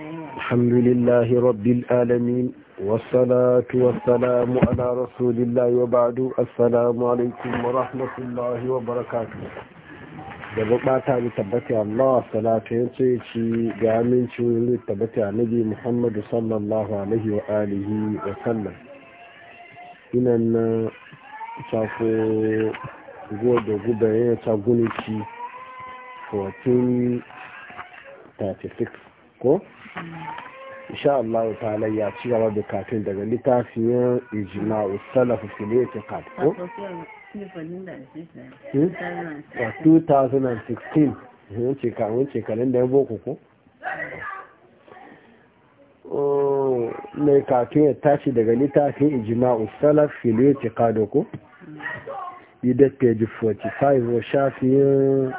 الحمد لله رب العالمين والصلاة والسلام على رسول الله وبعد السلام عليكم ورحمة الله وبركاته da bukata mu tabbata Allah salatu ya ce shi ga amincin ne tabbata Nabi Muhammadu sallallahu alaihi wa alihi wa sallam inan na safo gobe gobe ya ta guniki 36 ko insha Allah ta'ala ya ci gaba da kafin daga littafin ijma'u salaf fil i'tiqad ko 2016 wuce ka wuce kalin da ya boko ko oh, mai kafin ya tashi daga littafin ijma'u salaf fil i'tiqad ko da page 45 wa shafiyin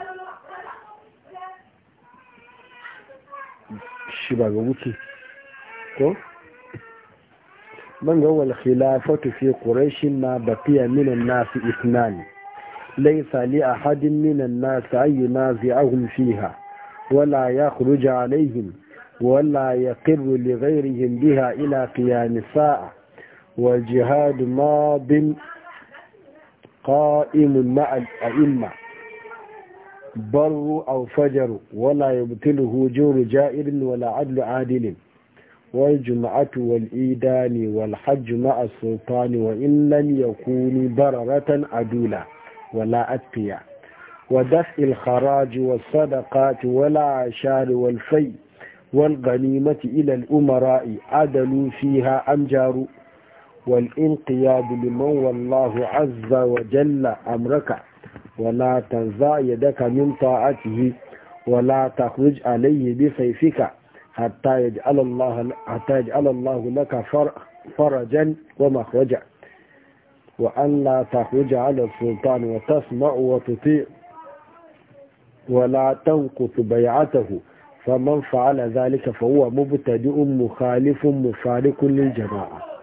shi wal khilafatu fi quraish na ba fiya min an-nas ithnan laysa li ahadin min an-nas ayyuna zi'ahum fiha wala yakhruj alayhim wala yaqir li ghayrihim biha ila qiyam sa'a wal jihad ma bin qa'imun ma'a al بر أو فجر ولا يبطله جور جائر ولا عدل عادل والجمعة والإيدان والحج مع السلطان وإن لم يكونوا بررة عدولا ولا أتقيا ودفع الخراج والصدقات ولا عشار والفي والغنيمة إلى الأمراء عدلوا فيها أم جاروا والانقياد لمن والله عز وجل أمرك ولا تنزع يدك من طاعته ولا تخرج عليه بسيفك حتى يجعل الله حتى يجعل الله لك فرجا ومخرجا وأن لا تخرج على السلطان وتسمع وتطيع ولا تنقص بيعته فمن فعل ذلك فهو مبتدئ مخالف مفارق للجماعه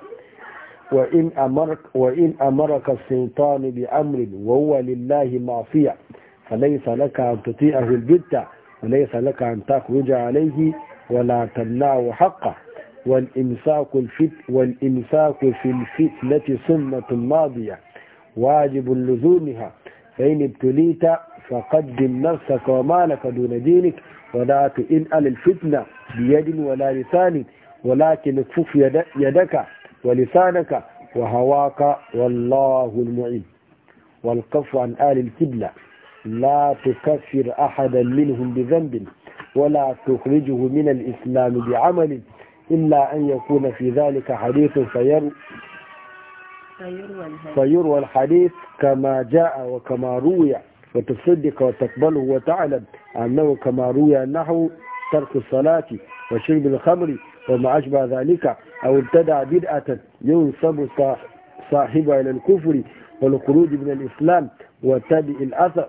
وإن أمرك, وإن أمرك السلطان بأمر وهو لله معصية فليس لك أن تطيعه البتة وليس لك أن تخرج عليه ولا تمنعه حقه والإمساك, الفت والإمساك في الفتنة سنة ماضية واجب لزومها فإن ابتليت فقدم نفسك ومالك دون دينك ولا تئن الفتنة بيد ولا لسان ولكن اكفف يدك ولسانك وهواك والله المعين والقف عن آل الكبلة لا تكفر أحدا منهم بذنب ولا تخرجه من الإسلام بعمل إلا أن يكون في ذلك حديث فير فيروى الحديث كما جاء وكما روي وتصدق وتقبله وتعلم أنه كما روي نحو ترك الصلاة وشرب الخمر وما أشبه ذلك أو ابتدع بدعة ينسب صاحبها إلى الكفر والخروج من الإسلام وتبع الأثر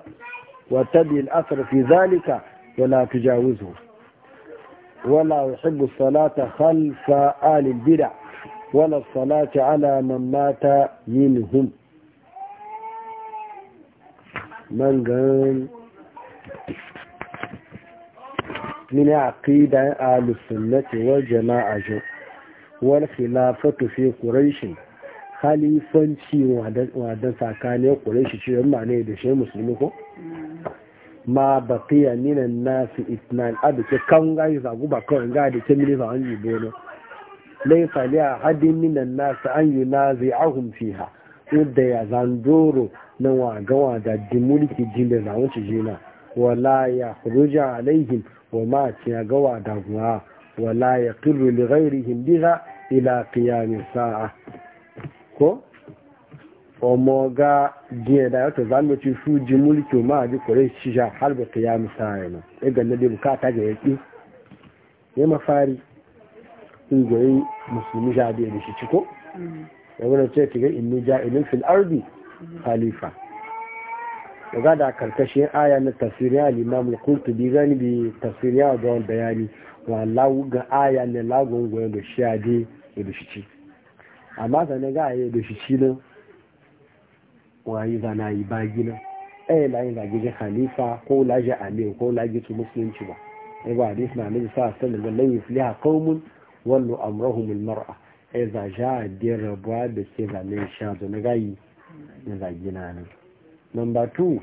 وتبع الأثر في ذلك ولا تجاوزه ولا يحب الصلاة خلف آل البدع ولا الصلاة على من مات منهم من قال من عقيدة آل السنة والجماعة جو wal khilafatu fi quraish khalifanci wa da tsakanin quraish ce yamma ne da shi musulmi ko ma baqiya minan nas itnan aduke kan ga yi zagu ba kawai ga da ke milifa an yi bono laifa li ahadin minan nas an yunazi'ahum fiha udda ya zanduru na wa ga wa da dimulki jin da zamu ci jina wala ya khuruja alaihim wa ma ci ga wa da wala ya qirru li ghairihim biha ila qiyami sa'a ko omoga diye da yato zango ci ji mulki ma ji kore shi har halbe qiyami sa'a na e ga nabi ta ga yaki ne fari in goyi musulmi ja da shi ciko da wani ce ki ga inni fil ardi khalifa daga da karkashin aya na tafsirin al-imam al-qurtubi gani bi tafsirin da bayani wa lawu ga aya ne lagun goyon da shi ade ya da shi amma zane ga aya da shi ci nan wa yi zana yi bagi nan ɗaya e, layin zage ji khalifa ko laje amir ko laje su musulunci ba ai e, ba hadis na nabi sa sallam da lai yufliha qaumun wallu amrahum almar'a ai e, za ja de rabwa da ke zane sha da na yi na zage na nan number 2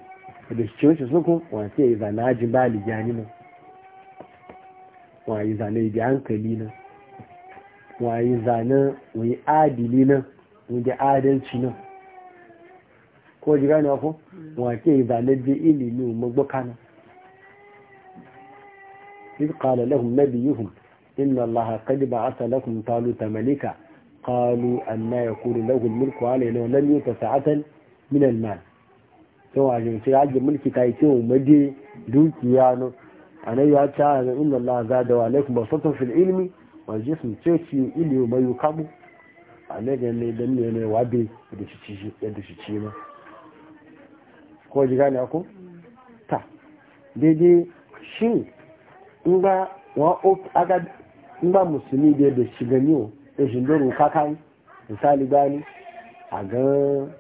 da shi suku wa sai zana ji bali jani mu. wayi zane bi hankali na wayi zane wani adili na wanda adalci na ko ji gane ko wake zane bi ilimi magbuka na إذ قال لهم نبيهم إن الله قد بعث لكم طالوت ملكا قالوا أن يكون له الملك علينا ولم يؤت سعة من المال سواء جمسي عجل ملكي تايتين ومدي دوكيانو annabi ya ce ga inna Allah zada wa alaikum basatun fil ilmi wa jism ce ci ilmi mai yukabu annabi ne dan ne ne wabe da shi ci da shi ci ma ko ji gane ko ta daidai shi in ba wa aga in ba musulmi da da shi gani da shi doro kakai misali gani a ga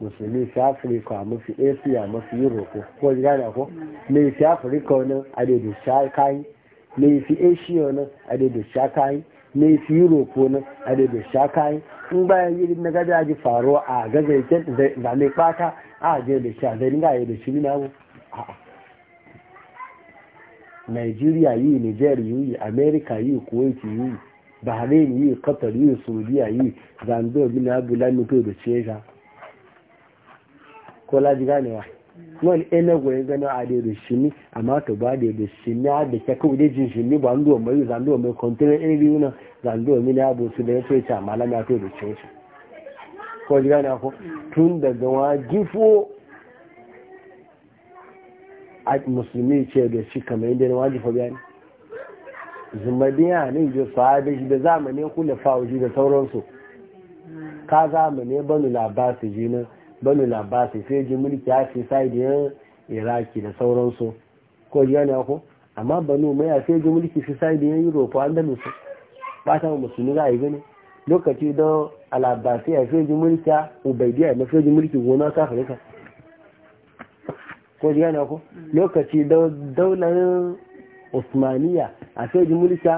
musulmi fi afirka mafi asia mafi europe ko ji gane ko mai fi afirka wani adadu shakai mai fi asia wani adadu shakai mai fi europe wani adadu shakai in bayan yi na gaza ji faruwa a gaza ya da mai a je da sha zai ninga ya da shi na mu Nigeria yi, Niger yi, America yi, Kuwait yi, Bahrain yi, Qatar yi, Saudiya yi, Zambia bin Mutu da ko laji ganewa wani ene goyi gano a da da shini amma to ba da da shini a da ke kawai jin shini ba ndo mai zando mai kontinan iri yuna zando mai na abu su da ya soya ta malami a to da cin shi ko ji gane ko tun daga wa gifo a musulmi ce da shi kamar yadda na wajifa gani zumadiya ne da sahabi shi da zamanin kula fawo shi da sauransu ka zamanin banu labasu ji nan bani labasi sai ji mulki ya fi sai da iraki da sauransu ko ji yana ko amma banu mai sai ji mulki fi sai da europe andalus ba ta musulmi za a yi gani lokaci don alabasi a sai ji mulki a ubaidiya na sai ji mulki gona ta afirka ko ji yana ko lokaci don daular osmaniya a sai ji mulki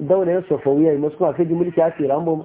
daular sofawiya masu a sai ji mulki a firambo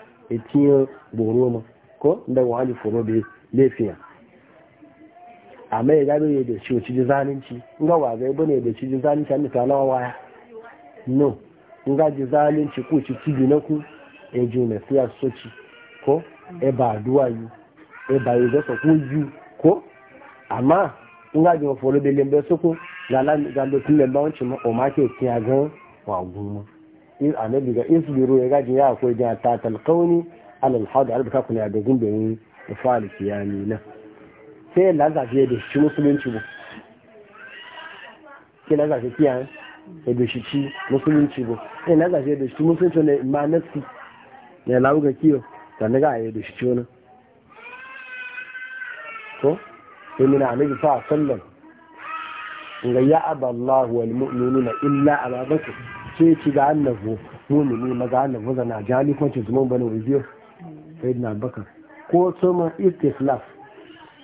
etinye boro ma ko da wani foro bai lafiya amma ya gado ya da shi wuci ji zalunci in ga waga ya da shi ji zalunci an lawa waya no in ji zalunci ku ci na ku e ji na soci ko e ba duwa yi e ba yi ko yi ko amma ji foro bai lembe soko ga lambe tun lembe wancin ma o ma ke kiya gan wa in annabi ga isbiru ya gaji ya akwai da ta talqauni alal hadu albuka kun ya dogun bayin fa'al kiyami na sai la ya fiye da shi musulunci bu sai la za fiye kiyan ya da shi ci musulunci bu sai la ya fiye da shi musulunci ne ma nafsi ne lawo ga kiyo dan ga ya da shi ci wani ko sai mina annabi fa sallallahu ga ya aballahu wal mu'minuna illa ababakar sai ci ga annabu mumini maza annabu zana jali kuma ci zuman bane wajiyo sai na bakar ko tsoma istiflaf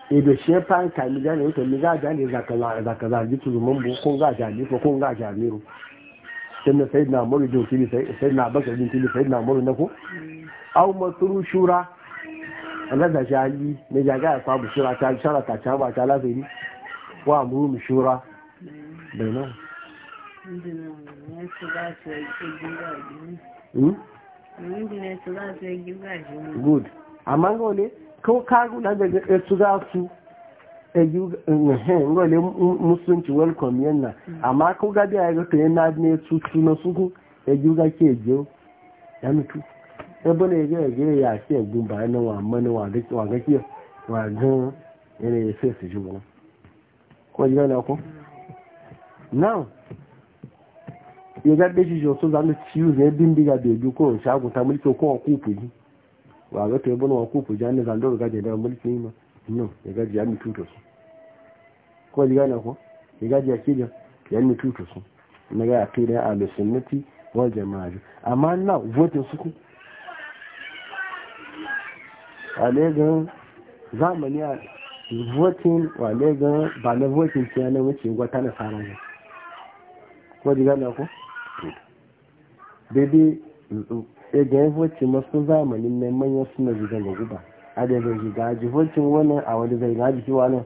ido eh, shi ya fara kami jani wuta mi za a jani zakaza jitu zuman bu ko za jani ko ko za jamiru sannan sai na muru jin fili sai na bakar jin fili sai na muru na ko au masuru shura Allah da jali na jaga ya kwabu shura ta shara ta ta ba ta lafi ni wa mu shura bai nan good hmm? amma ga wale kawo karu na daga ɗarsu za su wale musulunci welcome yana amma to yana ne su ga ke je ya mutu na ya na na ke su ko ji now ya gaɗe shi shi wasu zanen ciwo zai bindiga da biyu ko shagun ta mulki ko a kufu ji wa ga ta yabon wa kufu ji hannun zanen daura gajen daren mulki ma no ya gaji ya mutu ta su ko ji gane ko ya gaji ya kija ya mutu ta su na ga ake kai da a lusunnati wal jama'a amma na votin su ku a legan zamani a votin wa legan ba na votin ce wuce wata na fara ko ji gane ko daidai ga ya masu zamanin mai manyan suna ziga da guba a da zai ziga jihocin wani a wani zai ga jiki wani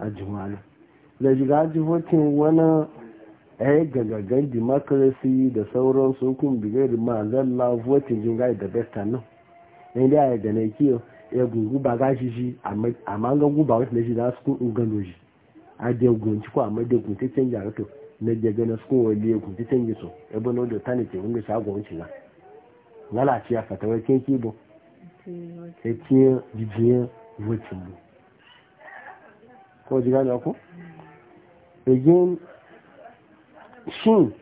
a jiwani da ziga jihocin wani a yi gagagen democracy da sauran su kun ma ma zalla votin jin gai da besta nan yan da ya gane kiyo ya guguba gashi shi amma ga guba wata da shi za su kun gano shi a da gunci ko amma da gunci canja rato na daga na sukun wali ku ti tangi so e bo no do tani ti wanda shago wanci na lalace ci fatawar kin kibo ta kiyar jijiyar wuci mu ko jiga na ko again shin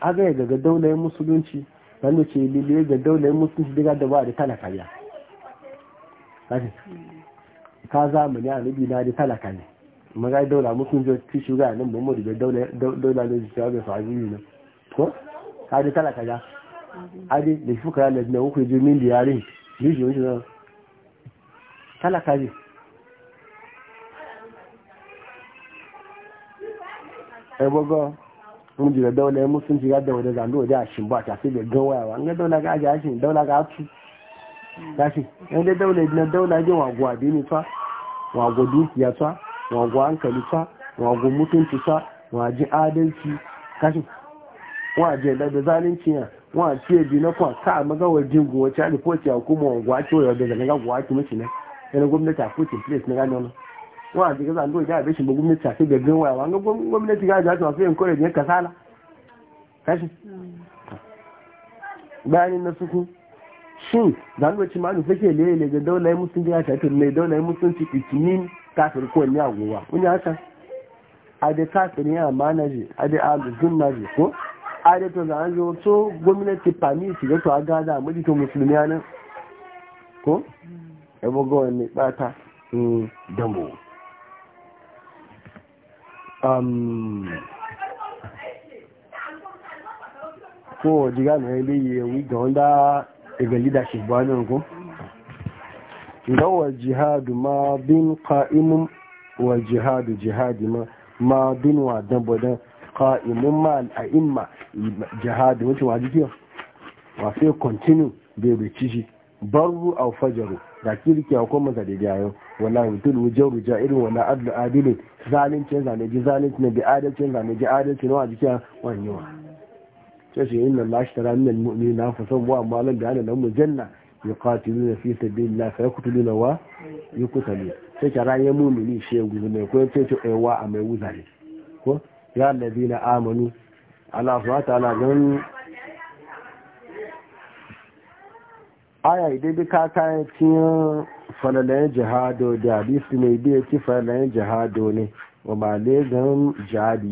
aga daga daular musulunci wanda ce liliye ga daular musulunci daga da ba da talaka ya ka zamani a nabi na da talaka ne magai daula mutum jo ci shuga nan ba mu da daula daula da shi ga faji ne ko hadi kala kaza hadi da fuka da na ku je min yare ni ji wani kala kaji e bogo mun ji da daula mun sun ji da wanda zan do da shin ba ta sai da gawayawa an ga daula ga aja shin daula ga atu gashi an da daula na daula jin wagwa bi ne fa wagwa dukiya fa wago hankali sa wago mutunci sa waji adalci kashi waje da da zalunci ya waje bi na kwa ka magawar jingo wace a ripoti a kuma wago a cewa da zanaga wago ake mace ne yana gwamnati a putin place na gane wani waje ga zan doja abin shi ba gwamnati a sai da gan waya wanga gwamnati ga za su masu yin kore ne kasala kashi bayanin na suku shin zanuwa wace ma nufa ke lele da daular musulunci ya tafi mai daular musulunci ikinin kafir ko ne agowa wani haka a da kafirin ya manaji a da aluzun naji ko a da to zan zo to gwamnati fami su ga to a gada mu to musulmi nan ko ya bugo wani bata dambo ko jiga na ile yi wi ga wanda daga leadership ba nan ko gawa jihadu ma bin qa'imun wa jihadu jihadi ma bin wa dan bodan ƙa'imun ma al'a'imma jihadu wace wa jikiya wa sai continue bai bai ciji barru aw fajaru da kirki a kuma da daidaiyo wala yutul wujaru ja'ir wala adlu adil zalincin zane ji zalincin ne bi adalci zane ji adalcin wa jikiya wanyewa sai shi inna lashtara min al-mu'minina fa sawwa malam da ana mu janna yuqatiluna fi sabilillah fa yaqtuluna wa yuqtaluna sai kira ya mumini shegu mai ko ce ce aiwa a mai wuzari ko ya na amanu ala subhanahu ala gan aya idan bi ka ta cin falalayen jihado da hadisi mai biya ci falalayen jihado ne wa ba le gan jihadi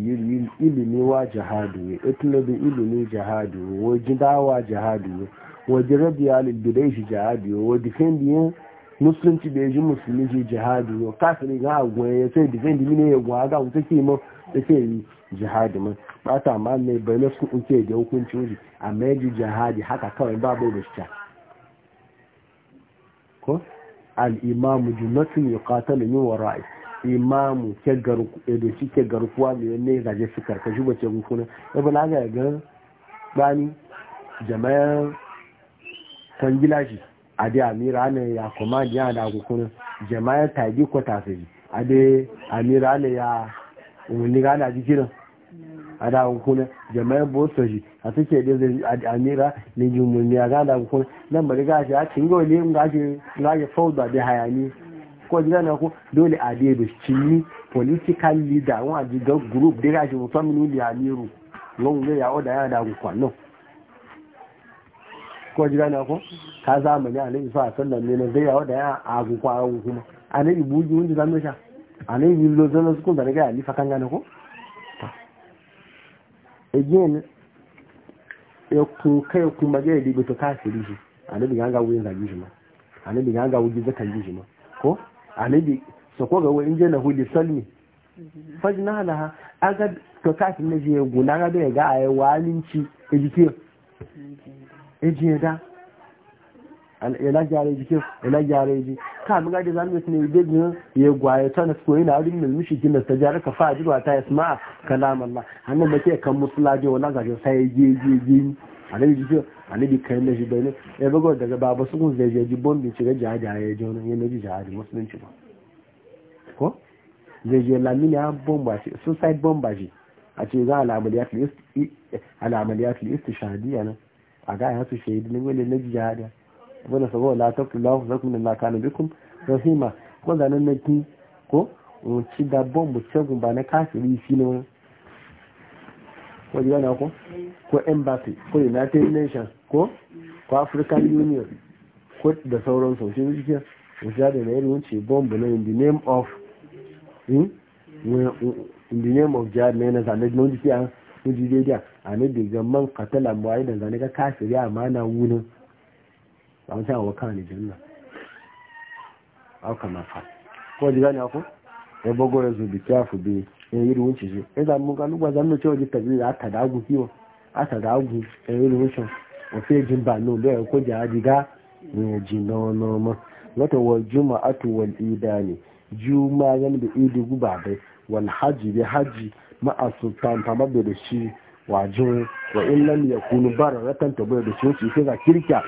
ilimi wa jihadu ya itulabi ilimi jihadu wa jidawa jihadu waje radiya lilbidai shi jihadi wa defendi yin musulunci da ya musulmi shi jihadi wa kafin ga agwai ya sai defendi mine ya gwa ga wuta ke ma da ke yi jihadi ma ba ta ma ne bai na sun uke da hukunci wuri amma ya ji jihadi haka kawai ba da shi ko al'imamu jumatun ya wara'i da shi ke su bace gufuna ya ga ga bani san gilashi a da amira ne ya kuma yana da kukunin jama'ar tagi ko tasiri a da amira ne ya umarni gana jikinan a da kukunin jama'ar bosto shi a suke da amira ne ji umarni gana kukunin nan bari gashi a cin gawa ne ga ake ga fauda da hayani ko jiya na ku dole a da cinni political leader wani a jigar group da gashi musamman ne da amiru lọ́wọ́ ya ọ̀dà yára da kukunin ko ji gane ko ka zamani annabi sa sallan ne na zai yawo da ya agu kwaran kuma annabi buji wanda zan sha annabi lo zan su kun da ga ali fa kan gane ko again ya ku kai ku maje da bito kafiri shi annabi ga ga wuyin zagi shi ma annabi ga wuji zakan shi ma ko annabi so ko ga wuyin je na huli salmi fajna laha aga to kafin ne je guna ga da ga ayi walinci ejike eji da ilagyare jikin ilagyare ji ka mu gaji zamu yi tunai ya gwaye ta nasu koyi na gina ta jara ka fa jirwa ta yasma kalam Allah annan make kan musulaje wala gaji sai ji ji ji anabi jikin ne ya e daga su kun zai bombin shiga jihadi wani yana ji jihadi musulunci ba ko zai je lamini bomba shi suicide bomba shi a ce za a nan Aga ga ya shaidu ne wani na jihada wani sabo la tafi lahu zakum na lakanu bikum rahima ko zanen na ki ko ci da bombu cegun ba na kafiri shi ne wani wajen yana ko ko embassy ko united nations ko ko african union ko da sauran sau shi ne shi da na irin wuce bombu na in the name of in the name of jihad na yana zanen na wuce ya wuce daidai anabi ga man qatala ka zane ga ma amana wunin an sa wa kan janna aw kama fa ko diga ne ko e bogo rezu bi kafu bi e yiri wunci ji e da mu ga lugwa zan no cewa ji tabi da ta da agu kiwo a ta da agu e yiri wunci o fe jin ba no le ko ja diga ne jin no no ma wata wal juma'atu wal idani juma'a yan da idi guba bai wal haji bi haji ma'a sultan tamabbe da shi wajen wa kunu lam ratan ta bai da shi sai ga kirkiya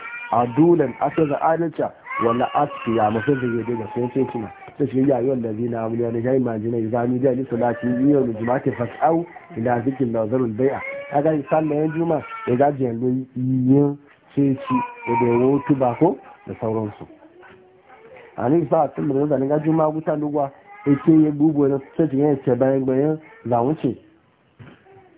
asa ga adalca wala askiya da yadda da sun ce kuma ta shi ya yi wanda zina amuli wani jami majinai zami da alisu lati yi yau da jimatin fasau ila zikin zarun bai'a a ga sallayen juma ya gaji yanzu yin ce ci da da yawon tuba ko da sauransu a ne sa tun da zanen gajin maguta lugwa ya ke yi gugu na sai ya ce bayan bayan zamuce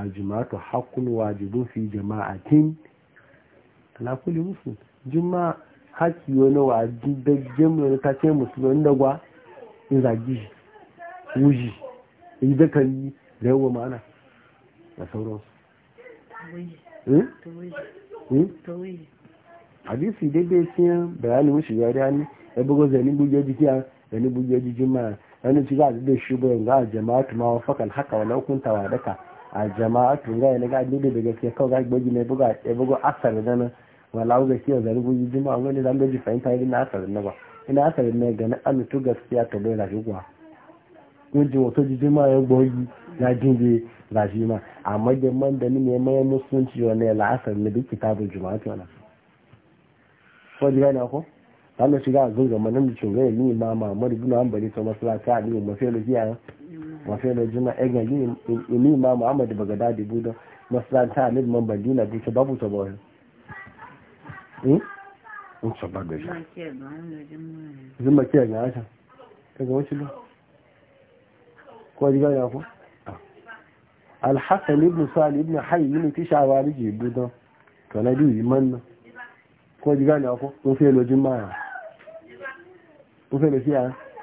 aljumatu haqqun wajibun fi jama'atin ala kulli muslim juma'a haki wani wa daggen mai ta ce musulmi da gwa in zagi wuji yi da kalli da yawa ma'ana da sauransu hadisi daidai cikin bayanin mashi ya da ni? ya bugo zani bugiyar jiki a zani bugiyar jiki ma wani ci za a zai shi bayan ga jama'atu ma wa fakal haka wa laukunta wa daka a jama'atu ga ne ga dudu daga ke kawai ga gbogi ne buga e bugo asar da nan wala ga ke da rubu yi jima wani zan gaji fahimta irin asar na ba ina asar ne ga na alutu gaskiya to bai rafi kuwa kun ji wato jijima ya gbogi na jinje rafi ma amma da man da ni ne mai musulunci wani la'asar ne duk kitabun jama'atu na ko ji gane ko ta shiga a zunga manan da cin gaya ni ma ma mari bin hanbali ta masu lafiya ne mafi lafiya wafe da juma ega yi ma muhammadu bagadadi budo masalanta a bandina bu ta babu ta in ta ba shi zuma kiyar na haka ta wacce lo ko ah. alhassan ibn shawari budo to yi manna ko kun fiye lojin maya kun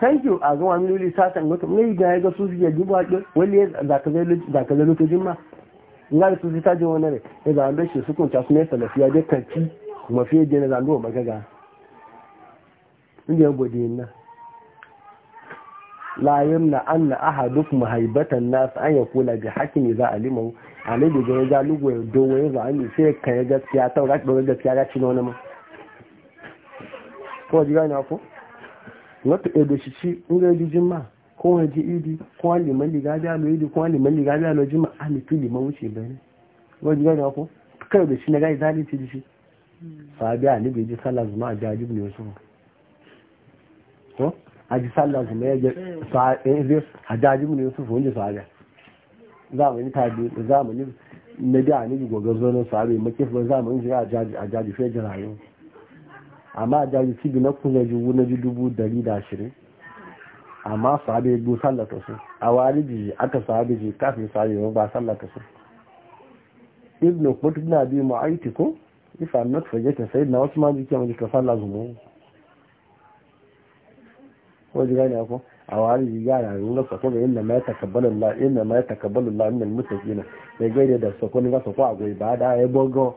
thank you a ga wani luli satan mutum ne ga ga su fiye duba ɗin wani ya zaka zai lokacin jimma ina da su ta tajin wani ne ya zama da shi su kunta su ne salafiya dai kanci kuma fiye da na zanduwa magaga inda ya gode na la yamna anna ahadukum haibatan nas an yakula bi ne za alimu alai da ga ya zalugo ya dogo ya zama sai ka ya gaskiya ta ga gaskiya ga cinon ma kawai ji gane ko wata edo shi shi in ga ji jima ko wani ji idi ko wani liman liga biya lo idi ko wani liman liga biya lo jima a mitu liman wuce bane kawai ji gane ko ka da shi na gai zalunci ji shi sabi a libe ji sallah zuma a jaji ne wasu ko a ji sallah zuma ya ji sa'in eh, a jaji ne wasu wanda sabi zamani tabi zamani na da ne gogar zonon sabi makifin zamanin shi a jaji fiye jirayen amma da yi cibi na kunya juwu na ji dubu dari da ashirin amma sahabi bu sallata su a waliji aka sahabi ji kafin sahabi ba sallata su ibn qutb na bi mu'ayti ko if i'm not forgetting sayyidina na wasu kiyama ji ka sallah zumu ko ji gane ko a waliji ya rayu na sako ga inna ma takabbalu Allah inna ma takabbalu Allah min al-muttaqin da gaida da sako ne ga sako a goyi ba da ya bogo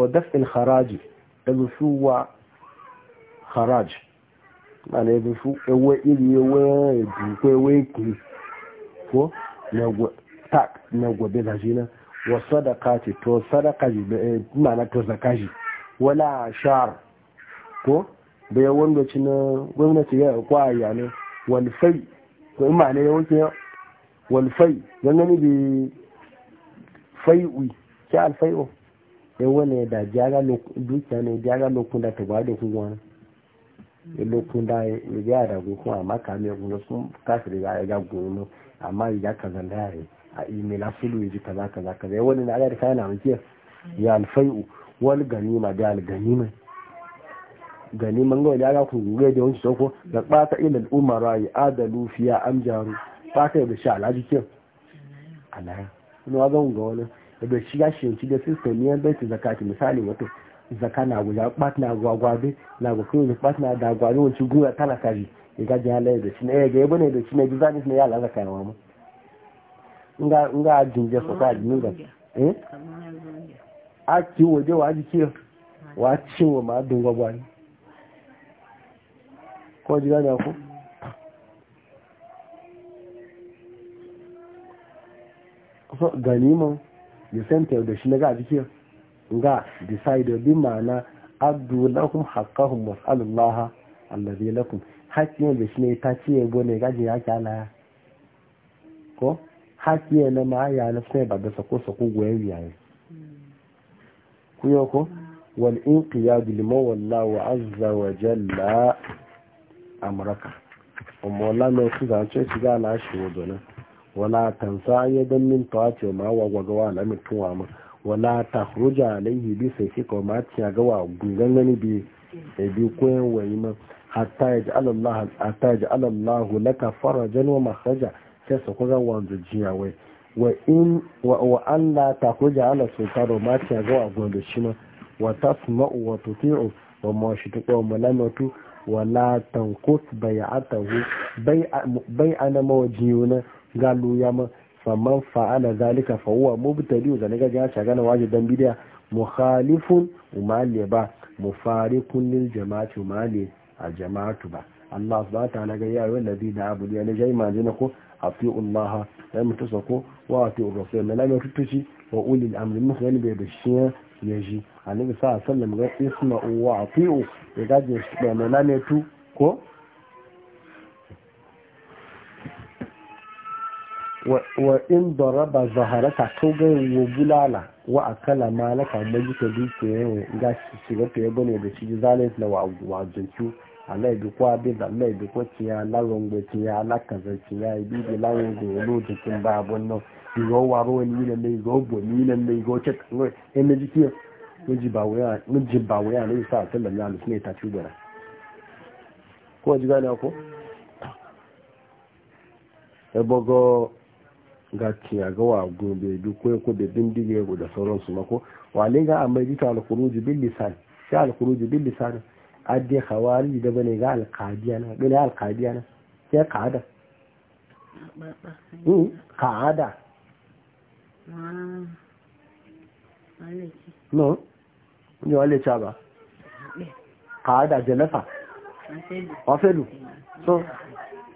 wa daf'il haraji da rusuwa haraji mana ya rusu ewe iri ewe duku ewe kuri ko na gobe da shi na wa sadaka ce to sadaka ji mana to zaka ji wala shar ko da ya wanda ci na gwamnati ya kwaya ne walfai ko ima ne ya wuce walfai don bi fai'u ke alfai'u sai da gyara dukiya ne gyara lokunda da tagwa da kuma wani lokun da ya gyara da kuma amma kame kuma sun kasa da ya ga gono amma ya kaza da ya e, a imela sulu ya ji kaza kaza ka ya wani na da kayan na mace ya alfai'u wani ganima da alganima ganiman gawai ya ga kuma da wani soko da ɓata ilal umara ya adalu fiya amjaru ɓata ya da sha alhaji kyau alaya ina ga wani shiga shi ya da system ya zakati misali wato zaka na guja bat na gwagwabe na go kuma bat na da gwabe wanci gura tana kaji ya gaji halaye da shi na ya ga yabo ne da shi na ji zanis ya zaka yawa nga nga jinje so ka ni ga eh a ci waje wa ji kiyo wa ci wa ma dun gwagwa ni ko ji ga ku so ganimon da senta da shi na ga jike ga decide bi ma'ana addu lahum haqqahum was'alullaha allazi lakum hakki da shi ne ta ce bo ne gaji ya kyala ko hakki na ma ya na sai ba da sako sako goyen yayi ku yo ko wal inqiyad liman wallahu azza wa jalla amraka umola no su ga ce shiga na shi wodo nan wala tansa yadan min tawace ma wa gwagawa la mutuwa ma wala takhruja alayhi bi sayfika ma ci tiya ga wa gungangani bi sai eh, bi koyan wayi ma hatta yaj'al Allah hatta yaj'al Allah laka farajan wa makhraja sai su kuga wanzu jiya wai wa in wa an la takhruja ala sultano ma tiya ga wa gondo shi ma wa tasma'u wa tuti'u wa ma shi tuqa ma lamatu wala tanqut bai'atahu bai'a bai'ana mawjiyuna galu ya ma famman fa'ala zalika fa huwa mubtadi da naga ya shaga na waje dan bidiya mukhalifun umali ba mufariqun lil jama'ati umali al jama'atu ba Allah subhanahu wa ta'ala ga ya ayyuhal ladina amanu ya najai majina ko afi'u Allah mutasa ko? wa afi'u rasul lamu tutuci wa ulil amri mun bi bai bashiya yaji annabi sallallahu alaihi wasallam ga isma'u wa afi'u ya gaje shi da mai tu ko wa in daraba zaharaka to ga wa ala wa akala malaka ka duke ga shi shiga to ya bane da shi zalis la wa wa jinki Allah bi kwa bi da Allah bi la rongo tiya la kaza tiya bi bi la rongo lo no bi go wa ro ni go bo ni go e eh, ne jiki ne ji ba waya ne ji ba gacin ya ga wa gobe duk ko da bindige ko da sauransu mako wale ga amma jita al-khuruj bil lisan sai al-khuruj bil lisan adde khawari da bane ga al-qadiyana ga al-qadiyana sai qada mm no ni wale chaba qada jalafa afelu so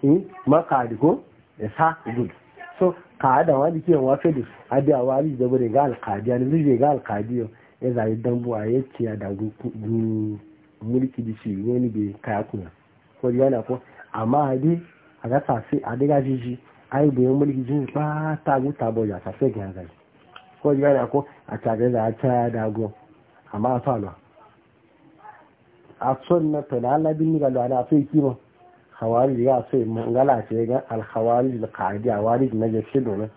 mm ma qadi ko esa good so ka'ada wani ke wafe da abiya wani da bude ga alkadi yana zuje ga alkadi ya zayi dambu a yacce ya da mulki da shi wani bai kaya kuna ko yana ko amma hadi a ga safe a daga jiji ai bai mulki jin ba ta ta bo ya safe ga zai ko yana ko a tare da ta da go amma a falo a sunna to da Allah bin ga lo ana sai kiba khawarij ya so mangala ce ga al khawarij al qaidi awarij na je shi don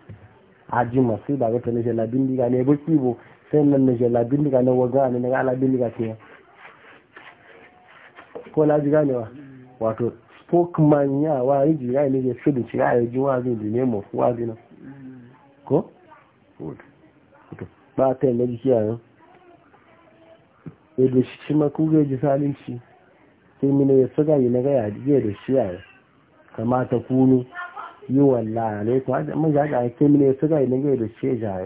aji masiba ga to ne la bindiga ne buki bo sai nan ne la bindiga ne waga ne ga la bindiga ce ko la ji ganewa wato spokesman ya wa yi ji ga ne je shi don ci ga ji wa zai ne mu wa na ko ba ta yi na jikiya ne? Ebe shi ma kuga ji salinci sai mine ya suga yi na gaya jiya da shi a kamata kunu yi walla ne ko a mun ya ga sai mine ya suga yi na gaya da shi ja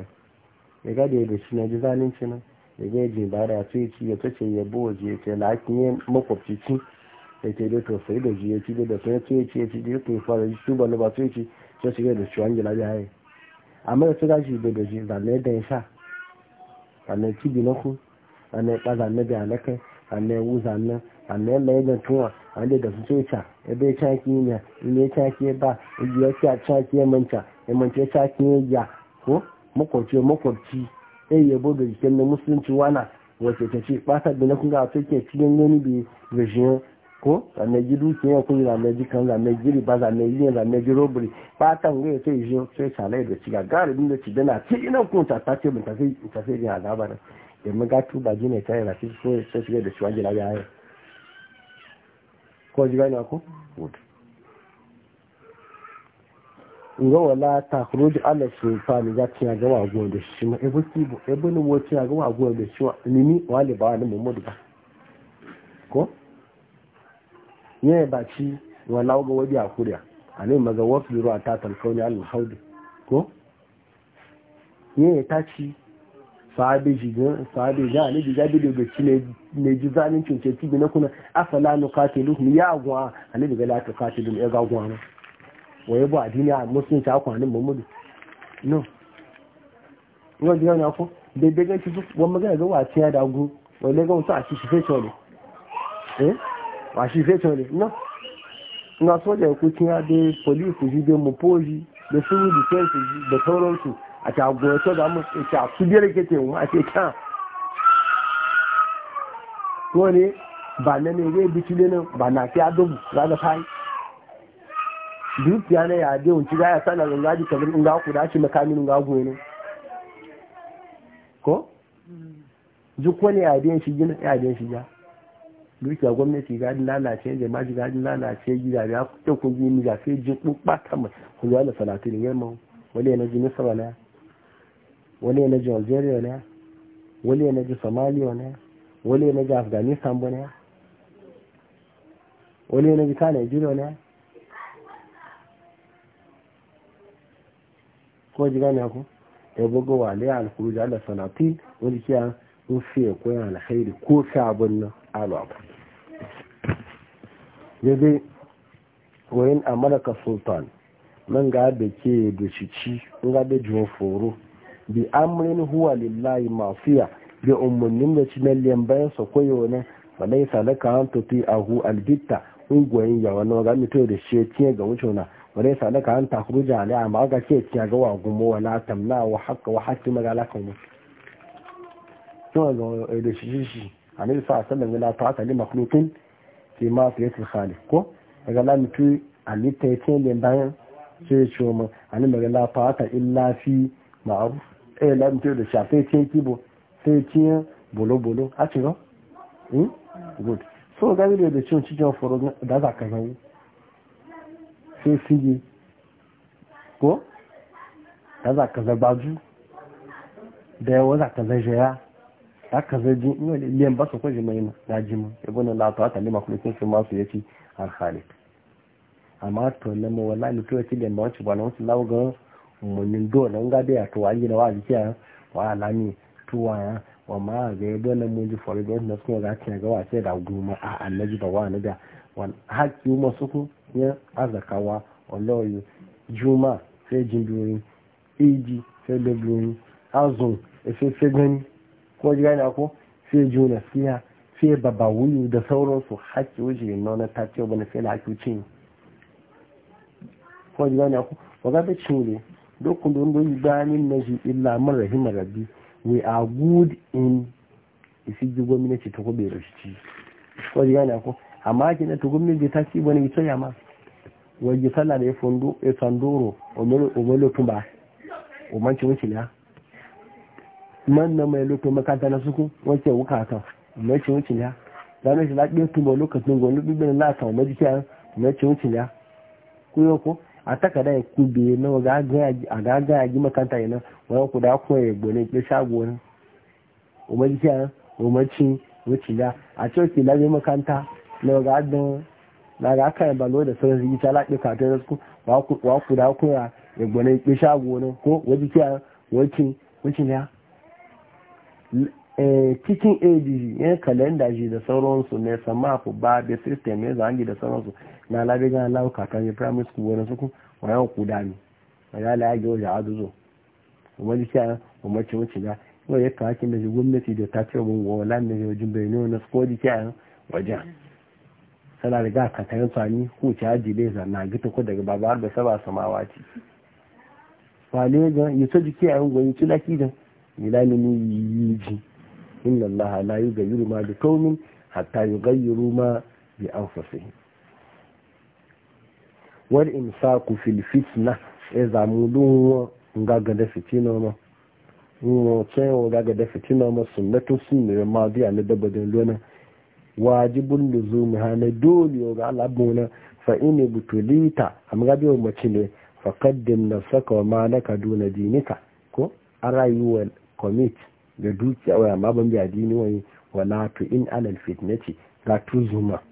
ya ga da shi na ji zalunci nan ya ga ji ba da su yi ci ya tace ya bo ji ya ce lakin ya makwabci ci ya ce da to sai da ji ya ci da sai su yi ci ya ci da to fara ji su ba ba su yi ci ya su ga da shi wani gina ya amma ya suga shi da da shi zalle da ya sha sannan ci bi na ku sannan ya ƙaza na biya na kai sannan ya wuza na amma yan mai yadda tuwa wanda da su ce ta ebe ya caki ne in ya caki ba ya ce a caki ya manta ya manta ya caki ne ya ko makwace makwabci ɗaya yabo ga jikin na musulunci wana wace ta ce ba ta na kun ga a tsoke cikin gani bi ga ko za mai ji duki ya kun za mai ji kan za mai giri ba za yi ne za mai ji ba ta nga ya ce shi sai ta lai da ciga garibin da ci dana ce ina kun ta ta ce mun ta sai ta sai ji a labarin yamma gatu ba ji ne ta yi rafi ko sai shiga da shi wajen labarin. ko ji gane ku ngo wala ta khuruj ala sulfani ga ci ga wa go da shi ma ebo ki bo ebo ni wo ci ga wa go da shi ni ni wale ba ni mu ba ko ne ba ci wala go wadi akuriya ani ale maga wasu ruwa ta talkauni al haudu ko ne ta ci sahabe shigan sahabe ja ne diga bi daga ci ne ji zanin cince tibi na kuna afala nu katilu ya agwa ne diga la ta katilu ya ga agwa ne waye bu adini a musun ta kwanin mamudu no ngo diga na ko de de ga ci wa magana ga wace ya dagu wai le ga wasu a shi shi fe chole eh wa shi fe chole no nga soja ku tiya de police ji de mopoji da yi, defense da sauransu a àgbo ẹ̀tọ́ dàmú ce àtúbẹ̀rẹ̀ kété wọn àti ko wọn ni bà nẹ́nu ewé ibi tílé náà bà nà àti adóbù rárá páyì dukiya na yade wunci ga ya sana zanga gaji kamar in ga ku dace makamin ga ko duk wani yade shi gina yade shi ja dukiya gwamnati ga da ma ji gida da ku ku ji ga sai ji ku mu ku salatu ne yamma wale na ji ne sabana wani na ji algeria ne wani na ji somalia ne wani na ji afghanistan ba ne wani na ji ka nigeria ne ko ji gane ku ya bugu wa alaiya alkuru da ala sanati wani kiya in fiye koyan alkhairi ko fi abin nan alwaba ya zai wayan amalaka sultan man ga da ke da shi ci in ga da jiwon foro bi amrin huwa lillahi mafiya bi umarnin da cinan lembayan sa koyo ne ba lai salaka an tuti ahu albitta ungoyin ya wani ga mito da shi tiye ga wucuna ba lai salaka an takuruja ne amma ga ce tiya ga wagumo wala tamna wa hakka wa hakki magala kan mu to ga da shi shi shi annabi sa sallan yana ta ta li makhluqin fi ma fi yatil khaliq ko ga la mito alita tiye lembayan sai ce mu annabi la ta illa fi ma'ruf eh la mutu da shafe cin kibo sai cin bolo bolo a ci ba hmm good so ga bi da cin cikin foro da za ka gani sai fige ko da za ka da yawa za ka zajaya haka zai ji ina liyan ba su kwaje mai na daji mu ibn la ta ta lima kuma kin su ma su yace al khaliq amma to nan mu wallahi to munin dole gade da ya tuwa gida wa jikiya wa alami tuwa ya wa ma ga ya dole mun ji fari da wanda suka ga ga wa sai da goma a annabi e da wa nabi wan hakki mu suku ya azakawa wallahi juma sai jindurin idi sai leburin azun sai sai gani ko ji gani ko sai juna siya sai babawuyu da sauransu hakki wuce nona ta ce bane sai la hakki cin ko ji gani ko wa ga ta cin dokun don don bayanin na shi illa man rahima rabbi we are good in isi ji gwamnati ta ko da shi ko ji yana ko amma ki na ta gwamnati ta ci wani ita ya ma wa ji sallah da fondo e sandoro o melo o melo tumba o man ci wuce ya? man na mai lokacin makanta na suku wace wuka ta mai ci wuce la ranar shi lafiyar tumba lokacin gwamnati bibin na ta mai ji kyan mai ci wuce ya? ku yau ko a takada ya kube na a gaga ya gima ya shago na umarciya umarci wucila a cewa ke labe makanta na ga adon na ga ka yi balo da sauran ka da wa ku da ya gbonin shago na ko wajen ya. Eh, cikin age yan kalenda shi da sauransu ne sama ku ba da system ya zangi da sauransu na labe ga lawo kaka yi primary school wani suku wayan ku da ni ya la ya gyoja kuma ji kya kuma ci wuce yau ya ka hakin eh, da shi gwamnati da ta ce mun wa wala ne wajen bayani wani suko ji kya wajen sana riga ka tayin tsani ku ci haji daga har da saba samawa ga a gwani ci laki da ji inna allaha la yughayyiru ma bi qaumin hatta yughayyiru ma bi anfusihim wal imsaku fil fitna e zamulun nga gada fitina ma mo tsayo ga gada fitina ma sunnatu sunne ma biya na dabadin lona wajibun luzumi ha na dole ga alabuna fa in butulita amma ga biyo mace ne fa qaddim nafsaka wa ma laka duna dinika ko a rayuwar commit da dukiya waya ma ban biya dini wani wala to in alal fitnati ga tu zuma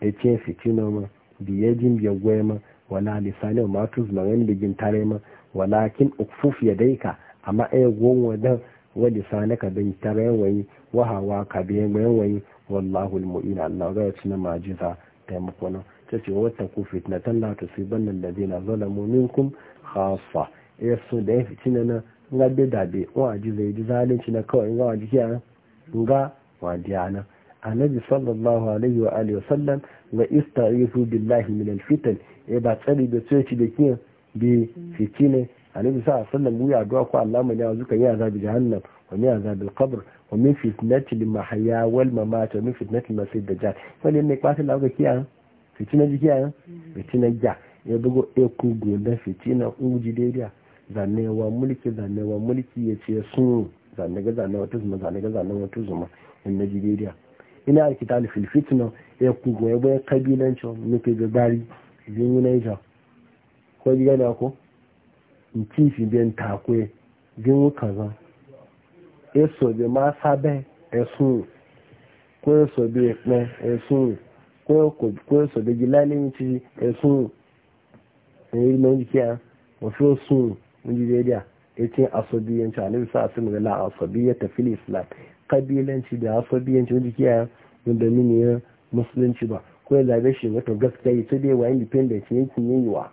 ya ce fitina ma biye jin biya goye ma wala lisani ma tu zuma bigin tare ma walakin ukfuf ya daika amma ai gon dan wa lisani ka bin tare wani wahawa ka biyan mai wani wallahu almu'in Allah ga yace na majiza muku na ta ce wata ku fitnatan la tusibanna alladhina zalamu minkum khassa su da fitina na nga be dabe wa ji zai ji zalunci na kawai nga wa jiki an nga wa diyana annabi sallallahu alaihi wa alihi wasallam ga istaizu billahi min alfitan e ba tsari da tsoci da kiyan bi fitine annabi sallallahu alaihi wasallam ya addu'a ko Allah mai yawa zuka yi azabi jahannam wa min azabil qabr wa min fitnati lil mahya wal mamat wa min fitnati masid dajjal wani ne kwata lawa ga kiyan fitina jikiya mm. fitina ja ya e bugo e ku gonda fitina uji daidai zanewa mulki zanewa mulki ya ce sun zane ga zane wata zuma zane ga zane wata zuma in na jibiriya ina a kita da filfitina ya kuma ya bayan kabilancin nufi ga bari jini yi ija ko ji gana ko in ci shi biyan takwe jini kaza ya sobe ma sabe ya sun ko ya sobe ya kpe ya sun ko ya sobe gilalin ci ya sun ya yi na jikiya wasu sun mun ji daidai ya ce asabiyanci annabi sa sun ga la asabiyyata fil islam kabilanci da asabiyanci mun ji kiyaye mun da ya musulunci ba ko ya zabe shi wato gaskiya ita dai wa independence yankin yayi wa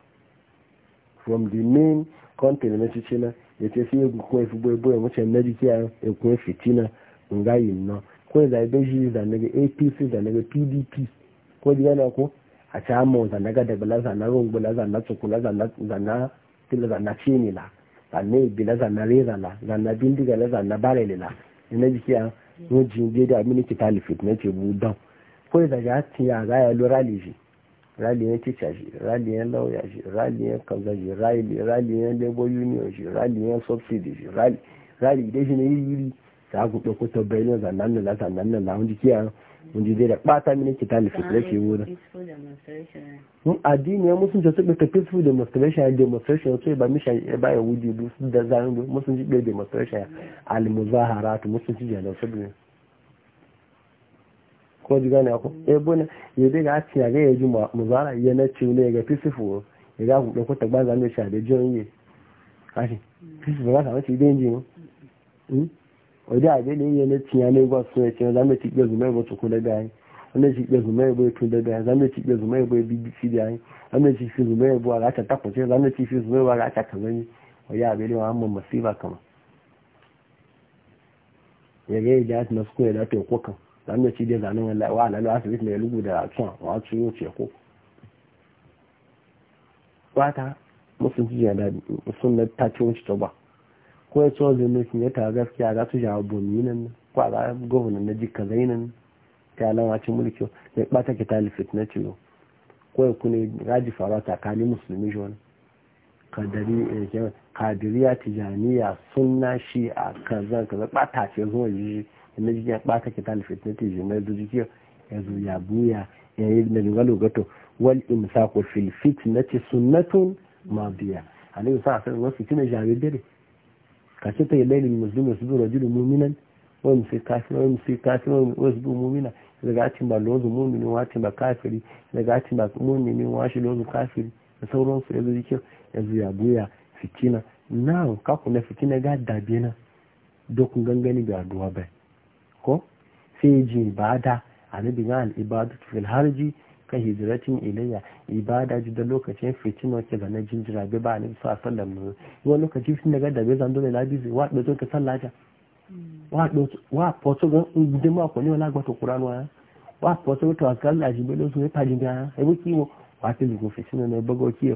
from the main content na cici ya ce sai ku kuma fi boye boye mace na ji a ya kuma fitina in gayi na ko ya zabe shi da na ga apc da na ga pdp ko da yana ko a ci amma da naga da bala zana rungu la zana tsukula tilla zanna cini la zanna ibi la zanna rera la zanna bindiga la zanna barele la ina ji jiki a da daidai a miniki talifit na ce budan ko da ga ti ya ga ya lo rali ji rali ne teacher ji rali ne lawyer ji rali ne kanza ji rali rali ne labor union ji rali ne subsidy ji rali rali dai shi ne yi ta ku ɗauko ta bayanin zannan nan zannan nan na hundi kiyaye hundi zai da ɓata mini kita da ke wuri. mun addini ya musun ta suɓe ta peaceful demonstration ya demonstration sai ba mishan ya ba ya wuji da zanen musun ji ɓe demonstration ya almuzahara ta musun ji jana su biyu ko ji gane ko e eh, bune ya dai ga ci ga ya ji muzara ya na ci ne ga peaceful ya ga ku ɗauko ta ba zanen shi da jiyoyi kashi peaceful ba ta wace idan ji mu. ọjọ́ àbẹ́lẹ̀ yẹn yi, tiẹ̀ ya gbọ́ sọ ẹ̀tì ọ̀dá mẹ́tì gbẹ̀zù mẹ́bọ̀ tó kó lẹ́gbẹ̀ ayé ọmọdé yi mẹ́bọ̀ ètò lẹ́gbẹ̀ zuma ọmọdé ya mẹ́bọ̀ bbc dẹ̀ ayé ọmọdé fìzù zuma aláta ya ọmọdé fìzù mẹ́bọ̀ aláta kàmẹ́ni ọjọ́ da wọn mọ̀ mọ̀síbà kama. yẹ̀rẹ̀ ìdí àti nọ́ọ̀sì kó da tó ẹ̀kọ́ kan lámẹ́tì dẹ̀ zànú wọn wà lálẹ́ àtìlẹ́tì lẹ́yìn lùgbù dẹ̀ àtún ko ya ci wanzu nufin ya ta gaskiya za su jawo bomi nan ko a ga gwamnan na jika zai nan ta yalan wacin mulki ya bata ki talifit na ciwo ko ya kuna raji faruwa tsakanin musulmi shi wani eh, kadiriya tijaniya sunna shi a kaza kaza bata ce zuwa yi na jikin bata ki talifit na tijin na zuji ya zo ya buya ya yi na jingalo gato wal imsaku fil fitnati sunnatun madiya alayhi sallallahu a wasallam fitina jabir dare كشتى الليل المظلوم يصبح رجل مؤمنا ويمسي كافرا ويمسي كافرا ويصبح مؤمنا daga atin ba lozu mumini wace ba kafiri daga atin ba mumini wace lozu kafiri da sauransu yanzu jikin yanzu ya buya fitina na kaku Kuma fitina ga dabe na dokun gangani ga aduwa bai ko sai ji ibada a nabi na al'ibadu fil harji ka hijiratin ilayya ibada ji da lokacin fitina ke da na jinjira bi ba ni sa sallan mu wani lokacin fitina ga da bai zan dole labi zai wa ɗauto ka ta wa pọ̀tọ́ gan ìgbìdẹ́ mọ́ ọ̀pọ̀ ní ọlágbọ́tọ̀ kúránú ara wa pọ̀tọ́ tó àkàrà láti gbé lóṣù nípa jìnbí ara ẹgbẹ́ kí wọ́n wà á tẹ̀lé gòfin sínú ọ̀nà ẹgbọ́gọ́ kí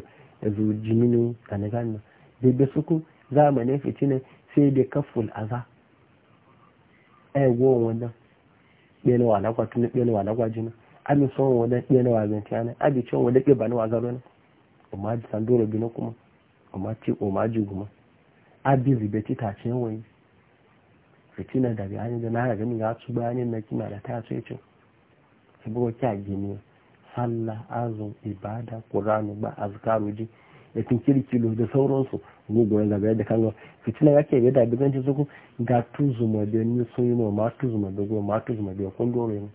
ẹ̀zù jìmí ní kànẹ́kànnà gbẹgbẹ́ sókún záàmà ní ẹ̀fẹ̀ tí ṣe é de káfùl àzá ẹ̀ wọ́ wọn náà pẹ́ẹ́nù wà lágbàjú náà ami son wada ɗaya na wazan tiyana abi cewa wada ɗaya ba na wazan rana o ma ji sandoro bi na kuma o ma ci o ma ji guma abi be ci ta ce wani na da bi hanyar da na haka gani ga su bayanin na kima da ta ce ce su buga kya gini sallah azum ibada qur'anu ba azkaru ji da kirkilo da sauransu gugu da bayar da kan na ya ke da bi ganci zuku ga tuzuma da ni sun yi ma tuzuma da ma tuzuma da kun dore ne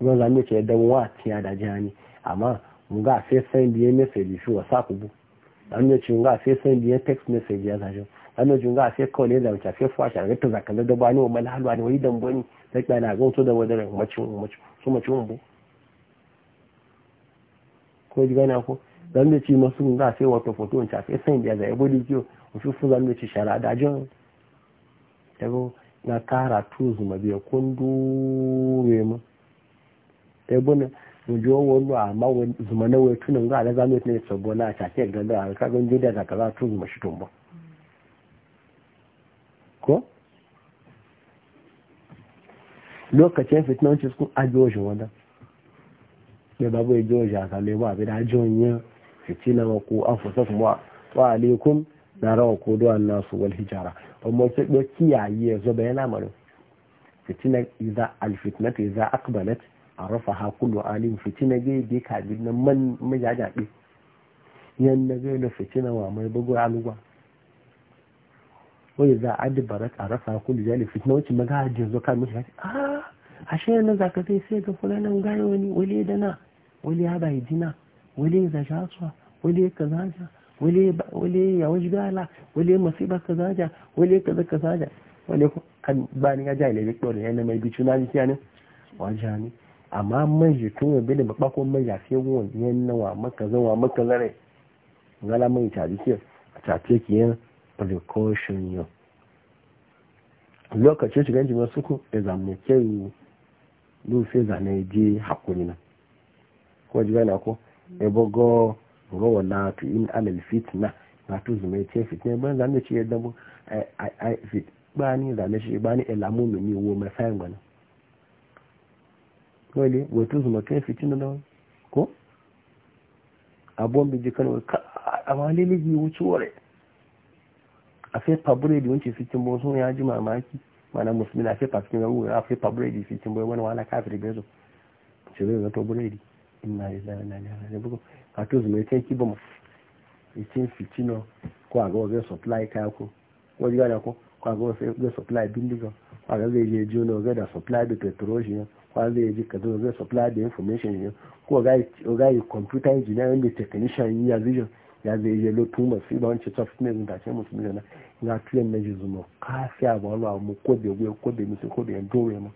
yau za mu ce dan wa tiya da jani amma mu ga sai sai biye message shi wa saku bu dan ne ci ga sai sai text message ya zaje dan ne ga sai ne da sai fuwa ta zaka da wa malhalwa ne wai dan bani sai ka na gauto da wadare su bu ko ji gana ko dan ne ci masu ga sai wato ta sai sai e kiyo su ne ci shara da e na kara tuzu mabiya kun dure mu ta bune mu ji wani amma zuma na wai tunan ga ala zamu ne sabo na ta ce ga da ka gun jida da kaza tun zuma shi tumba ko lokacin fitnan ci sun ajo shi wanda ya babu ya jiwa a kalle ba bida ajiyon yin fitina wa ko an fusa su wa wa alaikum na rawa ko duwan nasu wal hijara amma sai da kiyaye ya zo bayana lamarin fitina iza alfitnatu iza aqbalat a rafa hakulu alim fitina gai bai kaji na man majajaɗe yan na gai na fitina wa mai bugu aluwa wai za a di barat a rafa hakulu jali fitina wacce maga hajji zo ka mishi hajji a ah, ashe yana za ka sai sai ga fulanan gaya wani wale da na wale ya bai jina wale ya zashi hasuwa wale ya kaza wale ya wasu gala wale masiba kaza ja wale kaza kaza ja wale kan bani ya jahilai da kyau da yana mai bicu na jisiya ne wajani àmọ́ mẹ́yì tó yàn bẹ́ẹ̀ bá kó mẹ́yà sí wọn yẹn náà wà mọ́kànlá wà mọ́kànlá rẹ̀ ńlá mẹ́yì tàbí kí àtàkì kì precaution yàn lokacin shigan jimar suku yi zamanin kyau lufe zane je hakuri na ko ji gana ko ebogo rowa na tu in alal fitna na tu zume ce fitna ban zane ce yadda mu ba ni zane shi ba ni elamu mi ni wo mai fayin gwanin wale wato zuma kai fitin da nawa ko abuwan biji kan a wale ligi wuce ware a fai fabure wance fitin sun ya ji mamaki mana musulmi na fai fafin rawu a fai fitin wani wala kafir bezo ce zai zato buredi ina da zai na ne da bugu a to zuma kai mu ko a ga wajen supply kaya ko wajen yana ko ko a ga wajen supply bindiga ko a ga zai je juna da supply da petrol shi ne wa zai ji ka zai supply da information yin ko ga yi computer engineer wanda technician yi yanzu ya zai yi lo tun masu ba wancan soft ne da ce musu mijana na tuyen na jizu ma a ba wani abu ko da gwe ko da musu ko da yan dore ma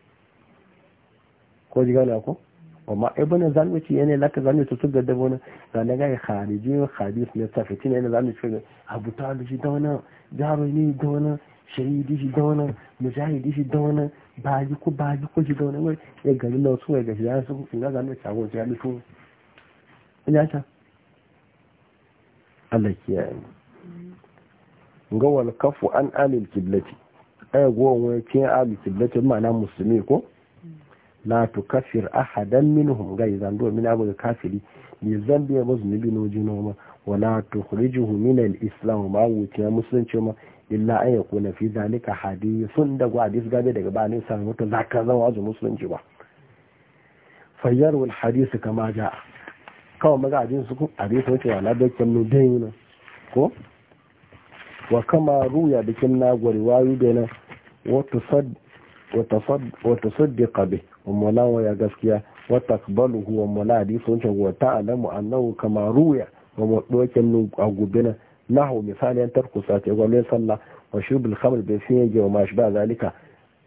ko ji gane ko amma ibn zalmici yana laka zalmici su gadda wani zane ga kharijin khabis ne tafitin yana zalmici abu taliji da wani jaro ne da wani shahidi shi da wani mujahidi shi da wani baji ko baji ko shi da wani wai ya gari na wasu wai gashi ya su kufi na zanen shagon ya mutu ya ta Allah ya yi. ga wal kafu an alil kiblati ay go wai ke alil kiblati ma'ana musulmi ko la tukaffir ahadan minhum ga zan do min abu kafiri ni zambi ya muzunubi no jinoma wala tukhrijuhu min al-islam ma wuce musulunci ma illa an yakuna fi zalika hadithun da hadith gabe daga ba ne samu zaka zawa zu musulunci ba fayyarul hadith kama ja kawai maza hadisi su hadisi wace wa na dokin mu dai ko wa kama ruya bikin na wayu da nan wata saddiqa bi ummala wa ya gaskiya wa taqbaluhu wa mala sun ce wa ta'lamu annahu kama ruya wa mu dokin mu a nahu misali an tarku sace gwamnati sallah wa shubul khamr bai sun yage wa mashi ba zalika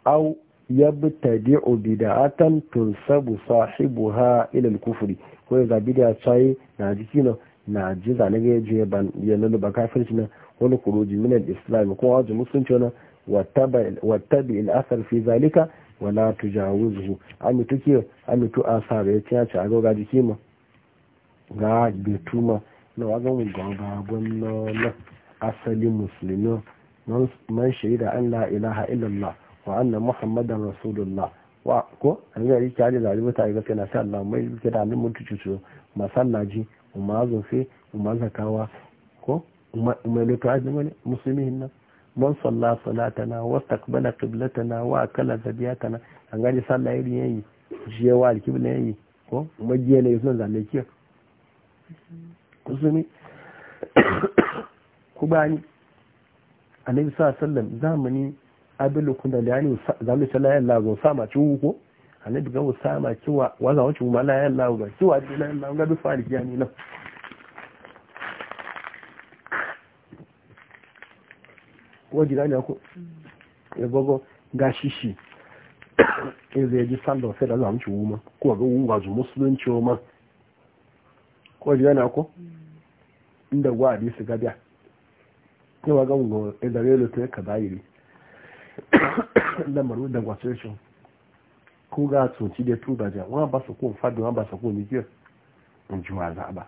au yabtadi'u bid'atan tunsabu sahibuha ila al-kufri ko ya zabi da na jiki na na ji zane je ban ba kafirci na wani kuruji min al-islam ko wajen musulunci na wattabi al-athar fi zalika wala tujawuzhu amitu ki amitu asar ya ci a ga jiki ma ga bituma na wa gan gwagwa na asali musulmi man shaida an la ilaha illallah wa anna muhammadan rasulullah wa ko an yi aiki da zari mutane ga sai na sai Allah mai yake da hannun mutunci su masallaji umar zofe umar zakawa ko umma lutu ajin wani musulmi hinna man salla salatana wa taqbala qiblatana wa akala na an gani sallah irin yayi jiya wa alkibla yi ko umma jiya ne sun zalake musulmi ku bani annabi sa sallam zamani abilu kunda da yani zamani sallallahu alaihi wasallam sama ci ko annabi ga sama ci wa wala wace mu la ya Allah ga ci wa la Allah ga bi fari yani na waji gani ko mm. ya gogo ga shishi in zai ji sandon sai da zamu ci wuma ko ga wuwa zu musulunci ma ko jiyana ko inda gwa a gabiya yawa ga ngo izarelo eh, to ka bayiri lamaru da gwaso shi ko ga tsoci da tuba ja wa ba su ko fadi wa ba su ko mijiya in ji wa zaba